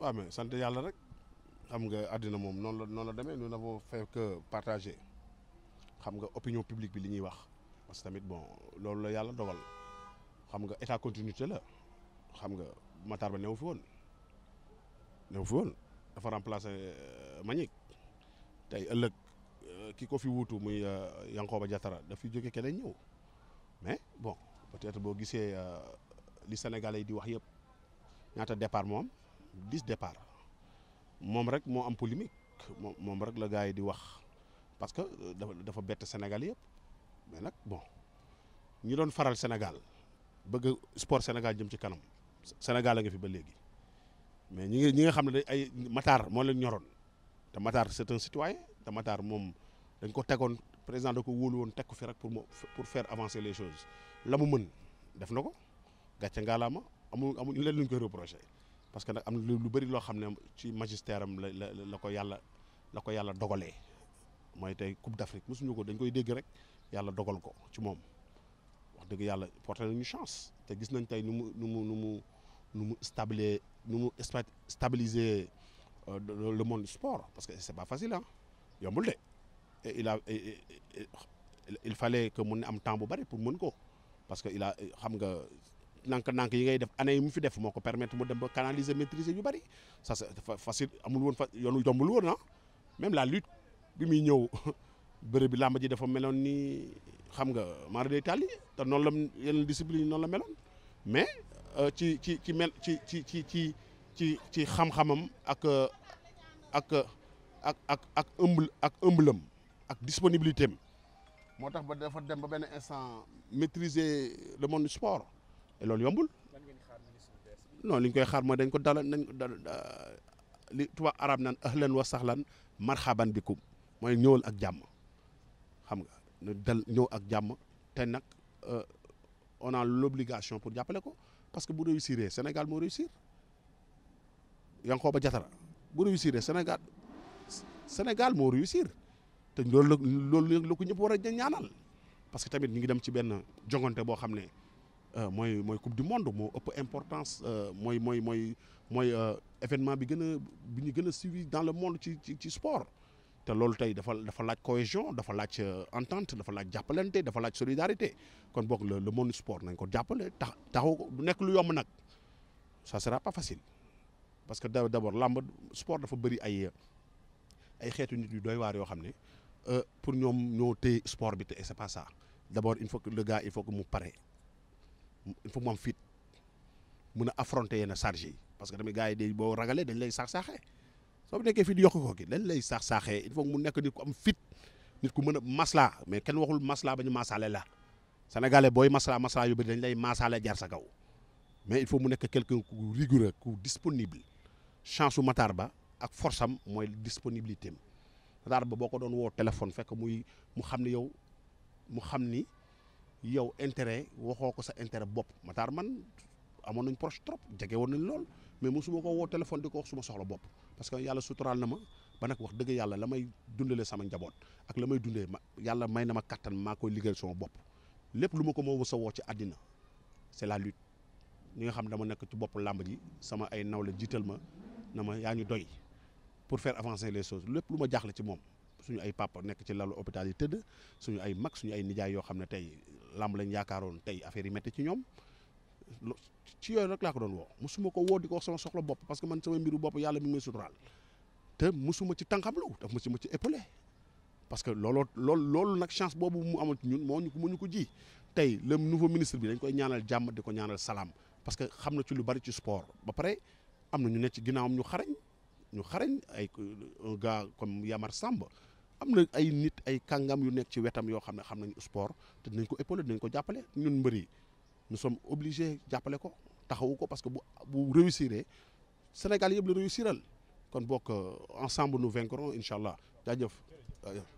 waaw mais sant yàlla rek xam nga àddina moom noonu la noonu la demee nous n'avons fait que partager xam nga opinion publique bi li ñuy wax parce que tamit bon loolu la yàlla dogal xam nga état continuité la xam nga Matar Ba newu fi woon newu fi woon dafa remplacer euh, Manick tey ëllëg euh, ki ko fi wuutu muy euh, Yankhoba Diattara daf fi jóge keneen ñëw mais bon peut-être boo gisee li Sénégalais yi di wax yëpp ñaata départ moom dix départ moom rek moo am polémique moom moom rek la gars yi di wax parce que euh, dafa dafa bett Sénégal yëpp mais nag bon ñi doon faral Sénégal bëgg sport Sénégal jëm ci kanam Sénégal a nga fi ba léegi mais ñi ñi nga xam ne day ay Matar moo leen ñoroon te Matar c'est un citoyen te Matar moom dañ ko tegoon président da ko wóolu woon teg ko fi rek pour pour faire avancer les choses la mu mën def na ko gàcce ngaalaama amul amul leen luñ koy reproché parce que nag am na lu bëri loo xam ne ci magistère am la la la ko yàlla la ko yàlla dogalee mooy tey Coupe d'Afrique mosuñu ko dañ koy dégg rek yàlla dogal ko ci moom wax dëgg yàlla porté nañu chance te gis nañ tey nu mu nu mu nu mu nu mu stabile nu mu stabiliser euh, le monde du sport parce que c'est pas facile ah yombul de il a que mun ne am temps bu bari pour mën ko parce que il a xam nga nànk-nànk yi ngay def année yi mu fi def moo ko permettre mu dem ba canaliser maîtriser yu bari ça c'est facile amul woon fa yoonu jombul woon ah même la lutte bi muy ñëw bëre bi làmb ji dafa meloon nii xam nga mara day tàlli te noonu la yeneen discipline yi la meloon mais euh, ci ci ci mel ci ci ci ci ci ci xam-xamam ak ak ak ak ak ëmb ak ëmblam ak disponibilité am moo tax ba dafa dem ba benn instant maitriser le monde du sport te loolu yombul. non li ñu koy xaar mooy dañ ko dalal nañ ko dal euh, li tubaab arab naan ahlan wa sahlan marhaban bikum mooy ñëwal ak jàmm xam nga na dal ñëw ak jàmm te nag euh, on a l'obligation pour jàppale ko parce que bu réussir Sénégal moo réussir Yankhoba Diattara bu réussir Sénégal Sénégal moo réussir te loolu la loolu la ko ñëpp war a ñaanal parce que tamit ñu ngi dem ci benn jongante boo xam ne. Euh, mooy mooy coupe du monde moo ëpp importance euh, mooy mooy mooy mooy euh, événement bi gën a bi ñu gën a suivi dans le monde ci ci ci sport te loolu tey dafa dafa laaj cohésion dafa laaj entente dafa laaj jàppalante dafa laaj solidarité kon boog le le monde sport nañ ko jàppale tax taxu ko du nekk lu yomb nag ça sera pas facile parce que d'abord làmb sport dafa bëri ay ay xeetu nit yu doy waar yoo xam ne pour ñoom ñoo téye sport bi te c'est pas ça d'abord il faut que le gars il faut que mu pare. il faut mu am fit mun a affronter yenn charge yi parce que tamit gars yi day boo ragalee dañ lay saax saaxee soo nekkee fit yokk ko ki dañ lay saax saaxee il faut mu nekk nit ku am fit nit ku mën a maslaa mais kenn waxul maslaa ba ñu masaale la sénégalais booy maslaa maslaa yu bëri dañ lay masaale jar sa kaw mais il faut mu nekk quelqu'un ku rigoureux ku disponible chance su Matar Ba ak force am mooy disponibilité am Matar Ba boo ko doon woo téléphone fekk muy mu xam ne yow mu xam ni. yow intérêt waxoo ko sa intérêt bopp Matar man amoon nañ proche trop jege woon nañ lool mais mosuma koo woo téléphone di ko wax suma soxla bopp parce que yàlla suturaal na ma ba nag wax dëgg yàlla la may dundalee sama njaboot ak la may dundee ma yàlla may na ma kattan maa koy liggéeyal sama bopp lépp lu ma ko moo wës woo ci àddina c'est la lutte ñi nga xam dama nekk ci bopp làmb ji sama ay nawle jiital ma na ma yaa ñu doy pour faire avance les choses lépp lu ma jaaxle ci moom suñu ay papa nekk ci lalu hôpital yi tëdd suñu ay mag suñu ay nijaay yoo xam ne tey làmb lañ yaakaaroon tey affaire yi métti ci ñoom ci yooyu rek laa ko doon woo mosuma ko woo di ko sama soxla bopp parce que man sama mbiru bopp yàlla mi ngi may suturaal te mosuma ci tànqamlu daf mosuma ci épaulé parce que looloo loolu loolu nag chance boobu mu amoon ci ñun moo ñu ko moo ñu ko ji tey le nouveau ministre bi dañ koy ñaanal jàmm di ko ñaanal salaam parce que xam na ci lu bari ci sport ba pare am na ñu ne ci ginnaawam ñu xarañ ñu xarañ ay un gars comme Yamar Samba am na ay nit ay kàngam yu nekk ci wetam yoo xam ne xam nañ sport te nañ ko épauler nañ ko jàppale ñun mbër yi nous sommes obligés jàppale ko taxawu ko parce que bu bu réussir Sénégal yëpp la réussiral kon bokk euh, ensemble nous vaincrons incha allah jaajëf